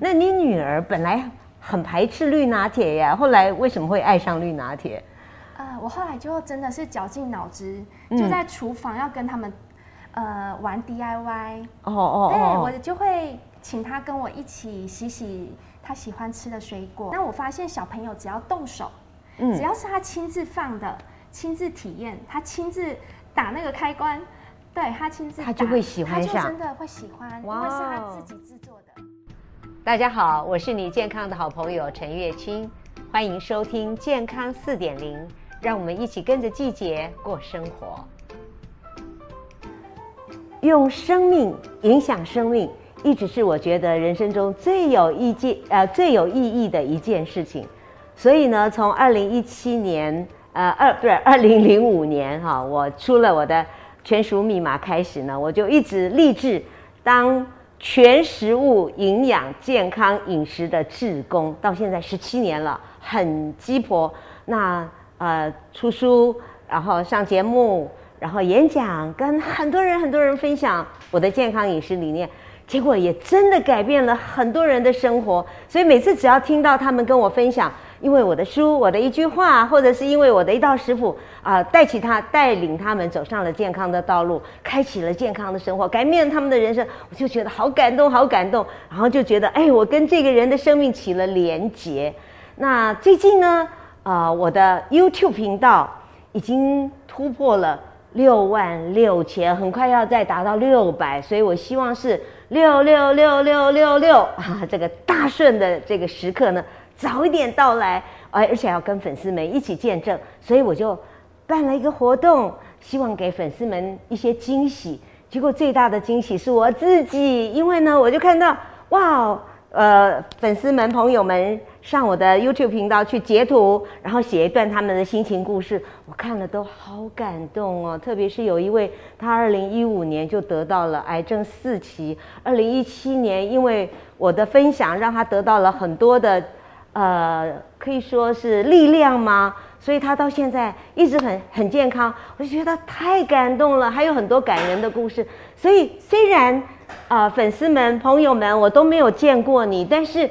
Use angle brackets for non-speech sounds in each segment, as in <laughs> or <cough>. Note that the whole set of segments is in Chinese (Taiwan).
那你女兒本來很排斥綠拿鐵呀，後來為什麼會愛上綠拿鐵？呃，我後來就真的是絞盡腦汁、嗯，就在廚房要跟他們，呃，玩 DIY。哦哦，對，我就會請他跟我一起洗洗他喜歡吃的水果。哦、那我發現小朋友只要動手，嗯、只要是他親自放的、親自體驗、他親自打那個開關，對，他親自打，他就會喜歡上，他就真的會喜歡，因為是他自己制作。大家好，我是你健康的好朋友陳月卿，歡迎收聽《健康四點零》，讓我們一起跟着季節過生活。用生命影響生命，一直是我覺得人生中最有意見、呃，最有意義的一件事情。所以呢，從二零一七年，呃，二不是二零零五年哈，哦，我出了我的全食物密碼開始呢，我就一直立志當全食物營養健康飲食的志工，到現在十七年了，很雞婆。那呃，出書，然後上節目，然後演講，跟很多人很多人分享我的健康飲食理念，結果也真的改變了很多人的生活。所以每次只要聽到他們跟我分享。因為我的書，我的一句話，或者是因為我的一道食譜啊，帶起他帶領他們走上了健康的道路，開啟了健康的生活，改變了他們的人生，我就覺得好感動，好感動。然後就覺得，哎，我跟這個人的生命起了連結。那最近呢，啊、呃，我的 YouTube 頻道已經突破了六萬六千，很快要再達到六百，所以我希望是六六六六六六啊，這個大順的這個時刻呢，早一點到來，而而且要跟粉絲們一起見證，所以我就辦了一個活動，希望給粉絲們一些驚喜。結果最大的驚喜是我自己，因為呢，我就看到哇，呃，粉絲們、朋友們上我的 YouTube 頻道去截圖，然後寫一段他們的心情故事，我看了都好感動哦。特別是有一位，他二零一五年就得到了癌症四期，二零一七年因為我的分享讓他得到了很多的。呃，可以說是力量嗎？所以他到現在一直很很健康，我就覺得太感動了。還有很多感人的故事。所以雖然啊、呃，粉絲們、朋友們，我都沒有見過你，但是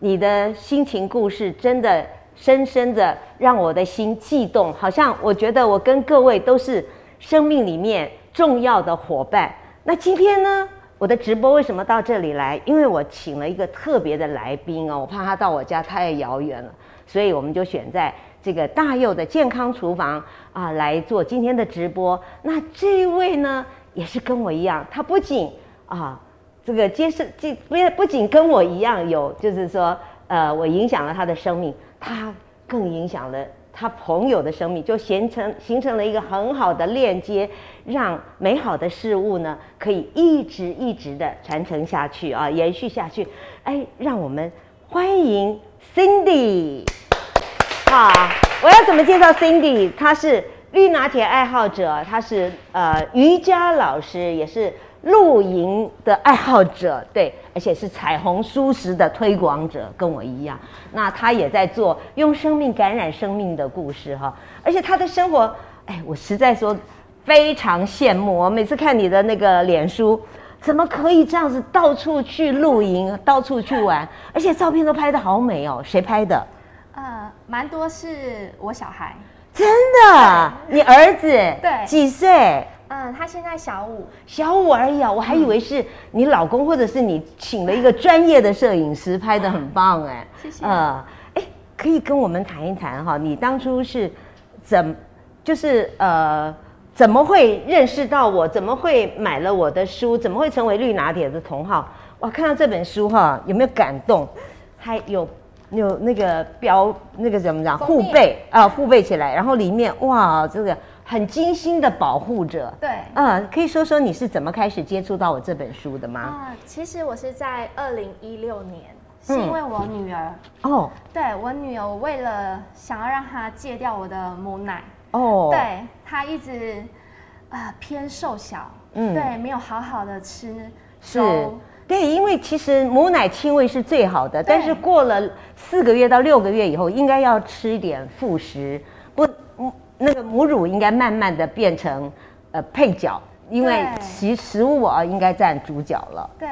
你的心情故事真的深深的讓我的心悸動，好像我覺得我跟各位都是生命裡面重要的伙伴。那今天呢？我的直播為什麼到這裡來？因為我請了一個特別的來賓哦，我怕他到我家太遙遠了，所以我們就選在這個大佑的健康廚房啊來做今天的直播。那這位呢，也是跟我一樣，他不僅啊這個接受這不不僅跟我一樣有，就是說呃我影響了他的生命，他更影響了。他朋友的生命就形成形成了一個很好的鏈接，讓美好的事物呢可以一直一直的傳承下去啊，呃，延續下去。哎，讓我們歡迎 Cindy。好， <laughs> 啊，我要怎麼介紹 Cindy？她是綠拿鐵愛好者，她是呃瑜伽老師，也是。露營的愛好者，對，而且是彩虹蔬食的推廣者，跟我一樣。那他也在做用生命感染生命的故事，哈。而且他的生活，哎，我實在說非常羨慕。我每次看你的那個臉書，怎麼可以這樣子到處去露營，到處去玩，而且照片都拍得好美哦。誰拍的？呃，蠻多是我小孩。真的，你兒子？對。幾歲？嗯，他現在小五，小五而已啊，我還以為是你老公或者是你請了一個專業的攝影師拍的，很棒哎。欸，謝謝。呃，哎，可以跟我們談一談哈，你當初是怎，就是呃，怎麼會認識到我，怎麼會買了我的書，怎麼會成為綠拿鐵的同好？哇，看到這本書哈，有沒有感動？還有有那個標那個怎麼講護貝啊，護、呃、護貝起來，然後裡面哇這個。很精心的保護着，對，嗯，可以說說你是怎麼開始接觸到我這本書的嗎？啊、呃，其實我是在二零一六年，是因為我女兒、嗯、哦，對，我女兒為了想要讓她戒掉我的母奶哦。對，她一直啊、呃、偏瘦小，嗯，對，沒有好好的吃，是，對，因為其實母奶輕微是最好的，但是過了四個月到六個月以後，應該要吃一點輔食。不，母那個母乳應該慢慢的變成、呃、配角，因為其實食物啊應該占主角了。對，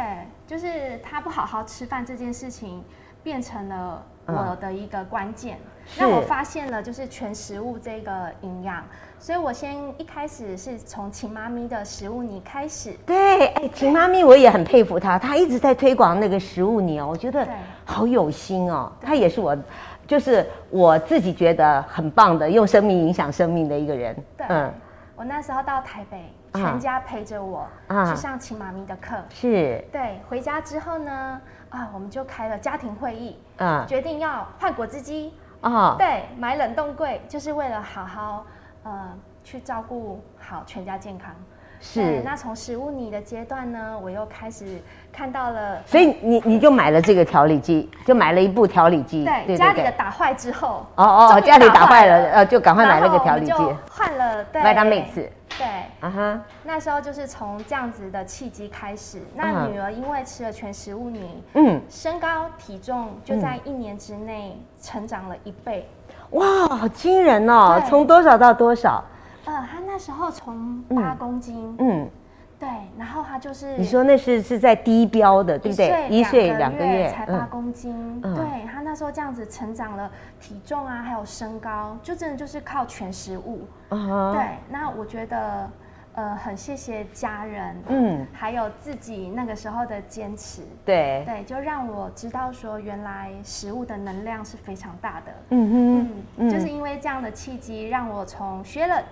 就是他不好好吃飯這件事情，變成了我的一個關鍵。那、嗯、我發現了就是全食物這個營養，所以我先一開始是從秦媽咪的食物泥開始。對，哎、欸，秦媽咪我也很佩服她，她一直在推廣那個食物泥哦，我覺得好有心哦，她也是我。就是我自己覺得很棒的，用生命影響生命的一個人。對，嗯、我那時候到台北，全家陪着我、啊、去上秦媽咪的課。是，對，回家之後呢，啊，我們就開了家庭會議，啊，決定要換果汁機，啊，對，買冷凍櫃，就是為了好好，呃，去照顧好全家健康。是，那從食物泥的階段呢，我又開始看到了，所以你你就買了這個調理機，就買了一部調理機，對，對，對，對，家裡的打壞之後，哦哦壞家裡打壞了，呃，就趕快買了個調理機，換了，對，麥當妹子，對，啊哈，那時候就是從這樣子的契機開始、uh -huh，那女兒因為吃了全食物泥，嗯，身高體重就在一年之內成長了一倍，哇，好驚人哦，從多少到多少？呃，他那時候從八公斤嗯，嗯，對，然後他就是你說那是是在低標的，對不對？一歲兩個月才八公斤，嗯嗯、對，他，斤、嗯嗯、對他那時候這樣子成長了體重啊，還有身高，就真的就是靠全食物。嗯、對，那我覺得呃很謝謝家人，嗯，還有自己那個時候的堅持，對對，就讓我知道說原來食物的能量是非常大的，嗯哼嗯嗯，就是因為這樣的契機，讓我從學了。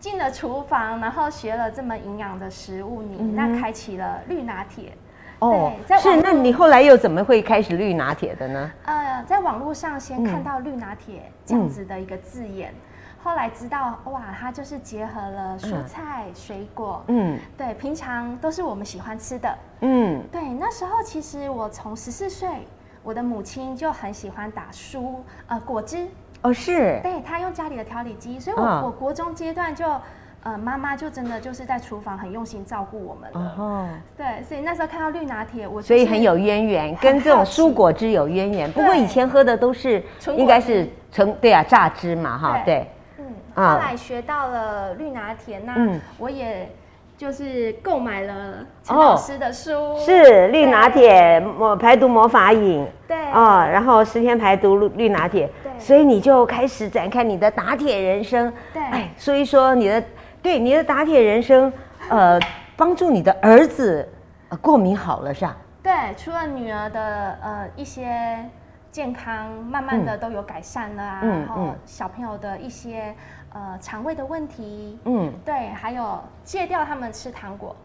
進了廚房，然後學了這麼營養的食物你，你、嗯、那開啟了綠拿鐵。哦對在，是，那你後來又怎麼會開始綠拿鐵的呢？呃，在網絡上先看到綠拿鐵這樣子的一個字眼，嗯、後來知道哇，它就是結合了蔬菜、嗯、水果。嗯，對，平常都是我們喜歡吃的。嗯，對，那時候其實我從十四歲，我的母親就很喜歡打蔬呃果汁。哦，是，對，他用家裡的調理機，所以我、哦、我國中階段就，呃，媽媽就真的就是在廚房很用心照顧我們了，哦，對，所以那時候看到綠拿鐵，我、就是、所以很有淵源，跟這種蔬果汁有淵源，不過以前喝的都是應該是成對啊榨汁嘛，哈，對，對嗯，啊，後來學到了綠拿鐵，那、嗯、我也就是購買了陳老師的書，哦、是綠拿鐵呃排毒魔法飲，對，啊、哦，然後十天排毒綠拿鐵。所以你就開始展開你的打鐵人生，對，哎，說一說你的對你的打鐵人生，呃，幫助你的兒子，呃，過敏好了是吧？對，除了女兒的呃一些健康，慢慢的都有改善了啊，嗯、然後小朋友的一些呃腸胃的問題，嗯，對，還有戒掉他們吃糖果，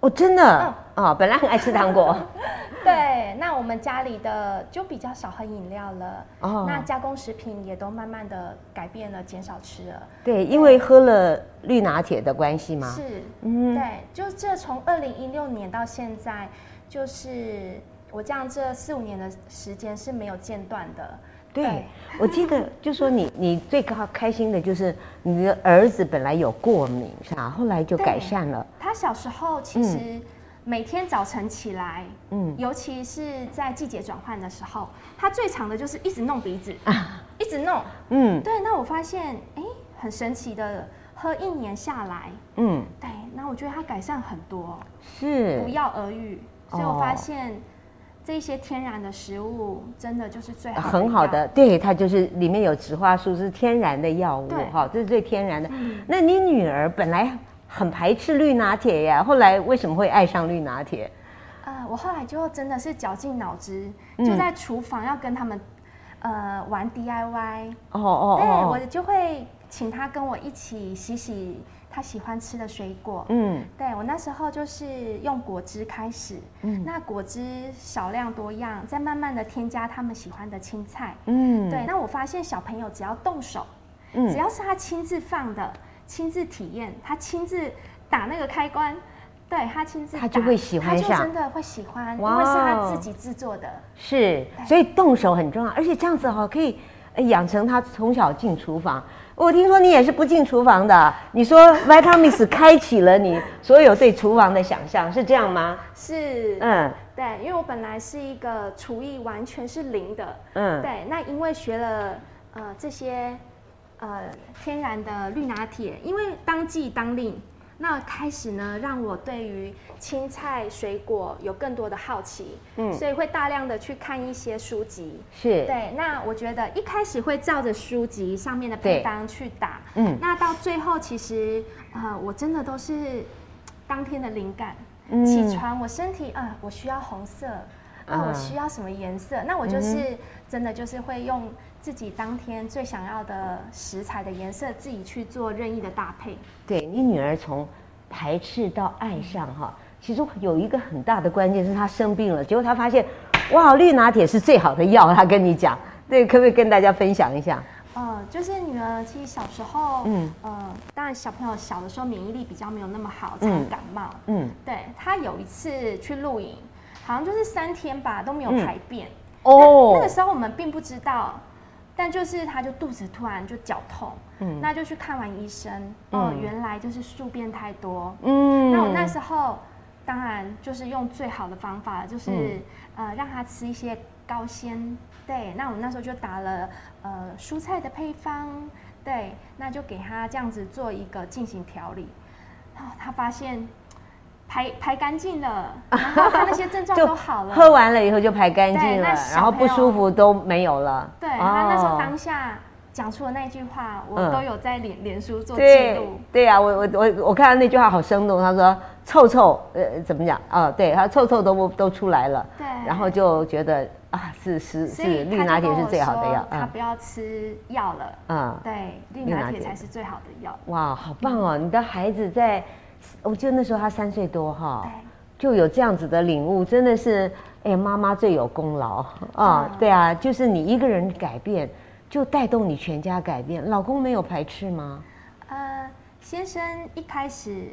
哦，真的，哦，哦本來很愛吃糖果。 <laughs> 對，那我們家裡的就比較少喝飲料了。哦，那加工食品也都慢慢的改變了，減少吃了。對，因為喝了綠拿鐵的關係嘛。是，嗯，對，就這從二零一六年到現在，就是我這樣這四五年的時間是沒有間斷的。對，對我記得就說你你最高開心的就是你的兒子本來有過敏，啊，後來就改善了。他小時候其實、嗯。每天早晨起來，嗯，尤其是在季節轉換的時候，他最長的就是一直弄鼻子，啊，一直弄，嗯，對。那我發現，哎，很神奇的，喝一年下來，嗯，對。那我覺得他改善很多，是不藥而癒。所以我發現、哦、這些天然的食物真的就是最好、很好的，對，它就是裡面有植化素，是天然的藥物，哈、哦，這是最天然的。嗯、那你女兒本來，很排斥綠拿鐵呀，後來為什麼會愛上綠拿鐵？呃，我後來就真的是絞盡腦汁，嗯，就在廚房要跟他們呃玩 DIY，哦。哦，哦哦，對我就會請他跟我一起洗洗他喜歡吃的水果。嗯，對我那時候就是用果汁開始。嗯，那果汁少量多樣，再慢慢的添加他們喜歡的青菜。嗯，對，那我發現小朋友只要動手，嗯，只要是他親自放的。親自體驗，他親自打那個開關，對他親自，他就會喜歡上，他就真的會喜歡，哦，因為是他自己制作的，是，所以動手很重要，而且這樣子哈可以養成他從小進廚房。我聽說你也是不進廚房的，你說 Vitamix 開啟了你所有對廚房的想象， <laughs> 是這樣嗎？是，嗯，對，因為我本來是一個廚藝完全是零的，嗯，對，那因為學了、呃、這些。呃，天然的綠拿鐵，因為當季當令，那開始呢，讓我對於青菜水果有更多的好奇，嗯，所以會大量的去看一些書籍，是對。那我覺得一開始會照着書籍上面的配方去打，嗯，那到最後其實，呃，我真的都是當天的靈感，嗯，起床我身體啊，呃，我需要紅色。那、啊、我需要什麼顏色？那我就是真的就是會用自己當天最想要的食材的顏色，自己去做任意的搭配。對。你女兒從排斥到愛上哈，其實有一個很大的關鍵，是她生病了，結果她發現哇，綠拿鐵是最好的藥。她跟你講，對，可不可以跟大家分享一下？呃，就是女兒其實小時候，嗯呃，當然小朋友小的時候免疫力比較沒有那麼好，常感冒，嗯，嗯對，她有一次去露營。好像就是三天吧，都沒有排便哦。嗯 oh. 那個時候我們並不知道，但就是他就肚子突然就絞痛，嗯，那就去看完醫生。哦。嗯、原來就是宿便太多。嗯，那我那時候當然就是用最好的方法，就是、嗯、呃讓他吃一些高纖。對，那我們那時候就打了呃蔬菜的配方。對，那就給他這樣子做一個進行調理。然後他發現。排排乾淨了，然後他那些症狀 <laughs> 都好了。喝完了以後就排乾淨了，然後不舒服都沒有了。對、哦、他那時候當下講出的那句話，我都有在臉臉、嗯、書做記錄。對呀、啊，我我我我看到那句話好生動，他說臭臭呃怎麼講啊、嗯？對，他臭臭都都出來了對，然後就覺得啊是是是綠拿鐵是最好的藥、嗯嗯，他不要吃藥了啊、嗯，對，綠拿鐵才是最好的藥、嗯。哇，好棒哦，你的孩子在。我覺得那時候他三歲多哈、哦，就有這樣子的領悟，真的是，哎媽媽最有功勞啊、哦哦！對啊，就是你一個人改變，就帶動你全家改變。老公沒有排斥嗎？呃，先生一開始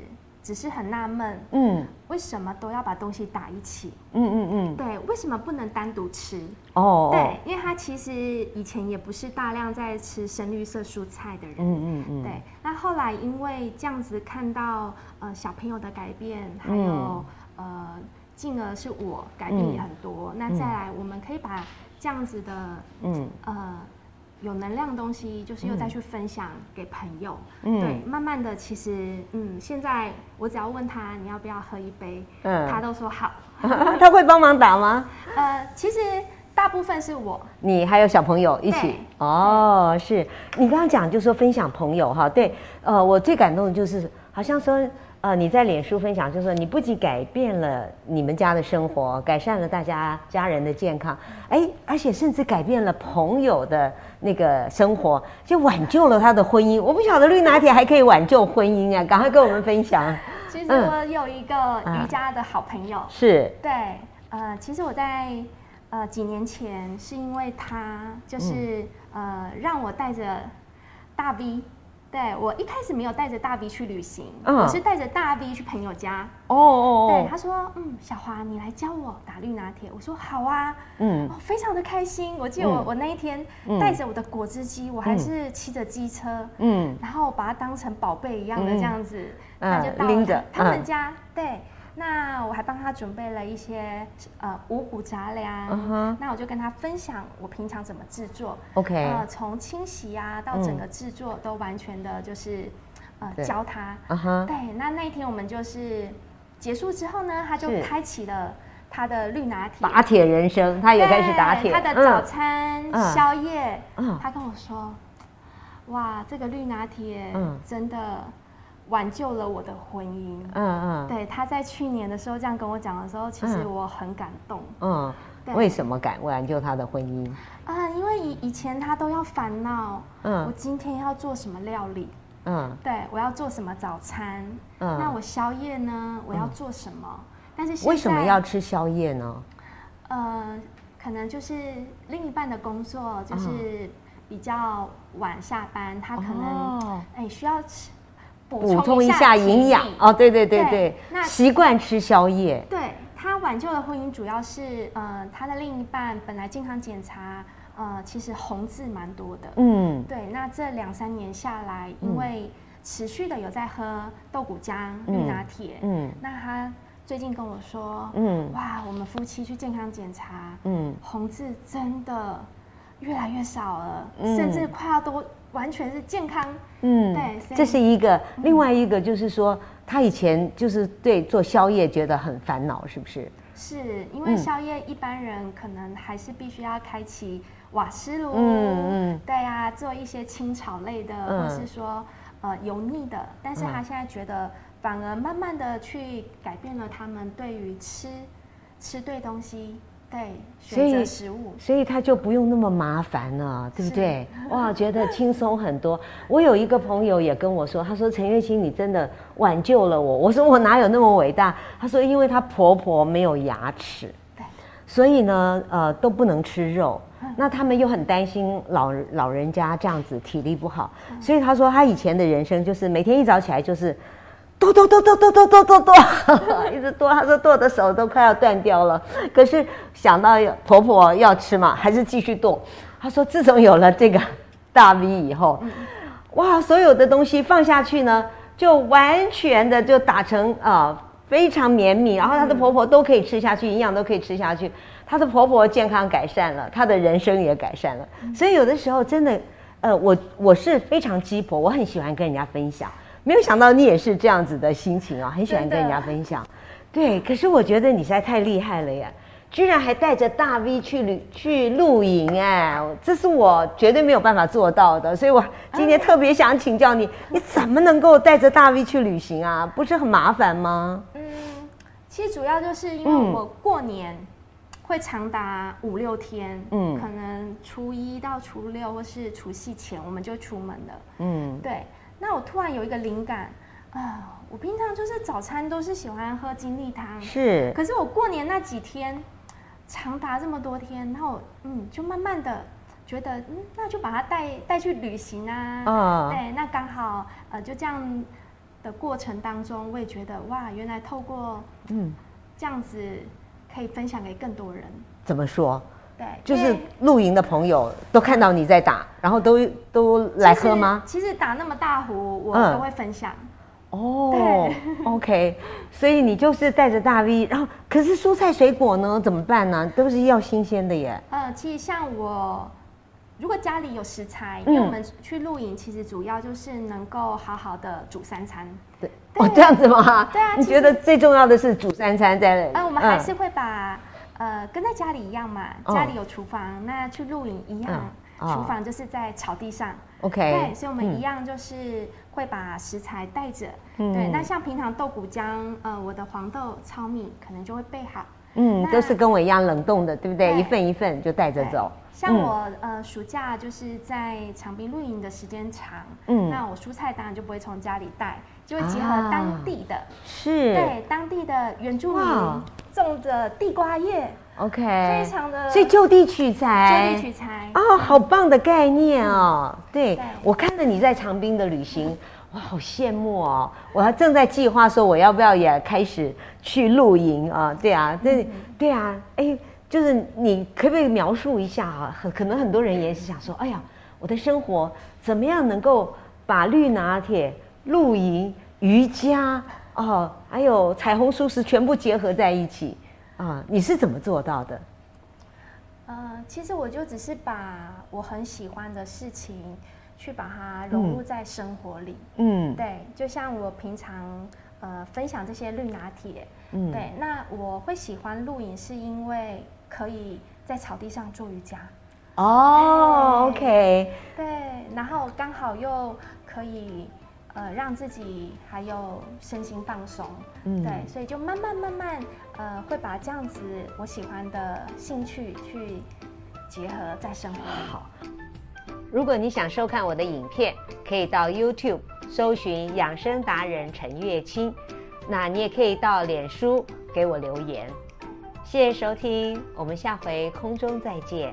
只是很納悶，嗯，為什麼都要把東西打一起？嗯嗯嗯，對，為什麼不能單獨吃？哦，哦，對，因為他其實以前也不是大量在吃深綠色蔬菜的人。嗯嗯嗯，對。後來因為這樣子看到呃小朋友的改變，還有、嗯、呃，進而是我改變也很多、嗯。那再來我們可以把這樣子的嗯呃有能量的東西，就是又再去分享給朋友。嗯，對，慢慢的其實嗯，現在我只要問他你要不要喝一杯，嗯、他都說好。他會幫忙打嗎？呃，其實。大部分是我，你還有小朋友一起哦。是，你剛剛講就是說分享朋友哈，對，呃，我最感動的就是，好像說，呃，你在臉書分享就是說你不僅改變了你們家的生活，改善了大家家人的健康，哎，而且甚至改變了朋友的那個生活，就挽救了他的婚姻。我不曉得綠拿鐵還可以挽救婚姻啊，趕快跟我們分享。其實我，嗯，有一個瑜伽的好朋友，啊，是對，呃，其實我在。呃，幾年前是因為他就是、嗯、呃，讓我帶着大 V 對。對，我一開始沒有帶着大 V 去旅行，嗯、我是帶着大 V 去朋友家。哦哦、哦、哦對，他說，嗯，小華，你來教我打綠拿鐵，我說好啊，嗯、哦，非常的開心。我記得我、嗯、我那一天帶着我的果汁機、嗯，我還是騎着機車，嗯，然後我把它當成寶貝一樣的這樣子，他、嗯、就到、嗯、他們家、嗯、對。那我還幫他準備了一些呃五谷雜糧，Uh-huh. 那我就跟他分享我平常怎麼制作。OK，從、呃、清洗呀、啊、到整個制作、嗯、都完全的就是、呃、教他。Uh-huh. 對，那那一天我們就是結束之後呢，他就開啟了他的綠拿鐵打鐵人生，他也開始打鐵、嗯。他的早餐、嗯、宵夜、嗯，他跟我說，哇，這個綠拿鐵、嗯、真的。挽救了我的婚姻。嗯嗯，對，他在去年的時候這樣跟我講的時候，嗯、其實我很感動。嗯，為什麼敢挽救他的婚姻？啊、嗯，因為以以前他都要煩惱，嗯，我今天要做什麼料理？嗯，對，我要做什麼早餐？嗯，那我宵夜呢？我要做什麼？嗯、但是為什麼要吃宵夜呢？呃，可能就是另一半的工作就是比較晚下班，嗯、他可能哎、哦欸、需要吃。補充一下營養，下營養哦，對對對對，對那，習慣吃宵夜。對他挽救的婚姻，主要是呃，他的另一半本來健康檢查，呃，其實紅字蠻多的。嗯，對，那這兩三年下來，因為持續的有在喝豆鼓漿、綠拿鐵，嗯，嗯，那他最近跟我說，嗯，哇，我們夫妻去健康檢查，嗯，紅字真的越來越少了，嗯、甚至快要都。完全是健康，嗯，對，這是一個，另外一個就是說、嗯，他以前就是對做宵夜覺得很煩惱，是不是？是，因為宵夜一般人可能還是必須要開啟瓦斯爐，嗯對呀、啊，做一些清炒類的，嗯、或是說呃油膩的，但是他現在覺得反而慢慢的去改變了他們對於吃吃對東西。所以食物，所以他就不用那麼麻煩了，對不對？ <laughs> 哇，覺得輕鬆很多。我有一個朋友也跟我說，他說陳月卿，你真的挽救了我。我說我哪有那麼偉大？他說，因為她婆婆沒有牙齒，對，所以呢，呃，都不能吃肉。嗯、那他們又很擔心老老人家這樣子體力不好、嗯，所以他說他以前的人生就是每天一早起來就是。哆哆哆哆哆哆哆哆剁，一直剁。她說剁的手都快要斷掉了。可是想到婆婆要吃嘛，還是繼續剁。她說自從有了這個大 V 以後，哇，所有的東西放下去呢，就完全的就打成啊、呃、非常綿密，然後她的婆婆都可以吃下去，營養都可以吃下去。她的婆婆健康改善了，她的人生也改善了。所以有的時候真的，呃，我我是非常雞婆，我很喜歡跟人家分享。沒有想到你也是這樣子的心情啊、哦，很喜歡跟人家分享對，對。可是我覺得你現在太厲害了呀，居然還帶着大 V 去旅去露營哎，這是我絕對沒有辦法做到的。所以我今天特別想請教你、嗯，你怎麼能夠帶着大 V 去旅行啊？不是很麻煩嗎？嗯，其實主要就是因為我過年會長達五六天，嗯，可能初一到初六或是除夕前我們就出門了，嗯，對。那我突然有一個靈感，啊、呃，我平常就是早餐都是喜歡喝精力湯。是。可是我過年那幾天，長達這麼多天，然後嗯，就慢慢的覺得，嗯，那就把它帶帶去旅行啊。哦、對，那剛好呃，就這樣的過程當中，我也覺得哇，原來透過嗯這樣子可以分享給更多人。嗯、怎麼說？對，就是露營的朋友都看到你在打，然後都都來喝嗎？其實，其實打那麼大壺，我都會分享。嗯、哦對，OK，所以你就是帶着大 V，然後可是蔬菜水果呢怎麼辦呢？都是要新鮮的耶。呃、嗯，其實像我，如果家裡有食材，因為我們去露營其實主要就是能夠好好的煮三餐。對，對哦，這樣子嗎？對啊，你覺得最重要的是煮三餐在裡面？哎、嗯，我們還是會把。呃，跟在家裡一樣嘛，家裡有廚房，哦，那去露營一樣，廚、嗯、房就是在草地上。OK、嗯、對、哦，所以我們一樣就是會把食材帶着、嗯。對，那像平常豆鼓漿，呃，我的黃豆糙米可能就會備好。嗯，都是跟我一樣冷凍的，對不對，對？一份一份就帶着走。像我、嗯、呃，暑假就是在長濱露營的時間長，嗯，那我蔬菜當然就不會從家裡帶，就會結合當地的，啊、對是對當地的原住民。種的地瓜葉，OK，非常的，所以就地取材，就地取材，哦，好棒的概念哦。嗯、對,對我看着你在長濱的旅行，哇，好羨慕哦。我還正在計劃說，我要不要也開始去露營啊？對啊，那、嗯、對,對啊，哎，就是你可不可以描述一下啊？很可能很多人也是想說，哎呀，我的生活怎麼樣能夠把綠拿鐵、露營、瑜伽。哦，還有彩虹蔬食全部結合在一起，啊、哦，你是怎麼做到的？呃，其實我就只是把我很喜歡的事情去把它融入在生活裡，嗯，嗯，對，就像我平常、呃、分享這些綠拿鐵，嗯，對，那我會喜歡露營，是因為可以在草地上做瑜伽，哦，對，OK，對，然後剛好又可以，呃，讓自己還有身心放鬆，嗯，對，所以就慢慢慢慢，呃，會把這樣子我喜歡的興趣去結合，在生活。好，如果你想收看我的影片，可以到 YouTube 搜尋“養生達人陳月卿”，那你也可以到臉書給我留言。謝謝收聽，我們下回空中再見。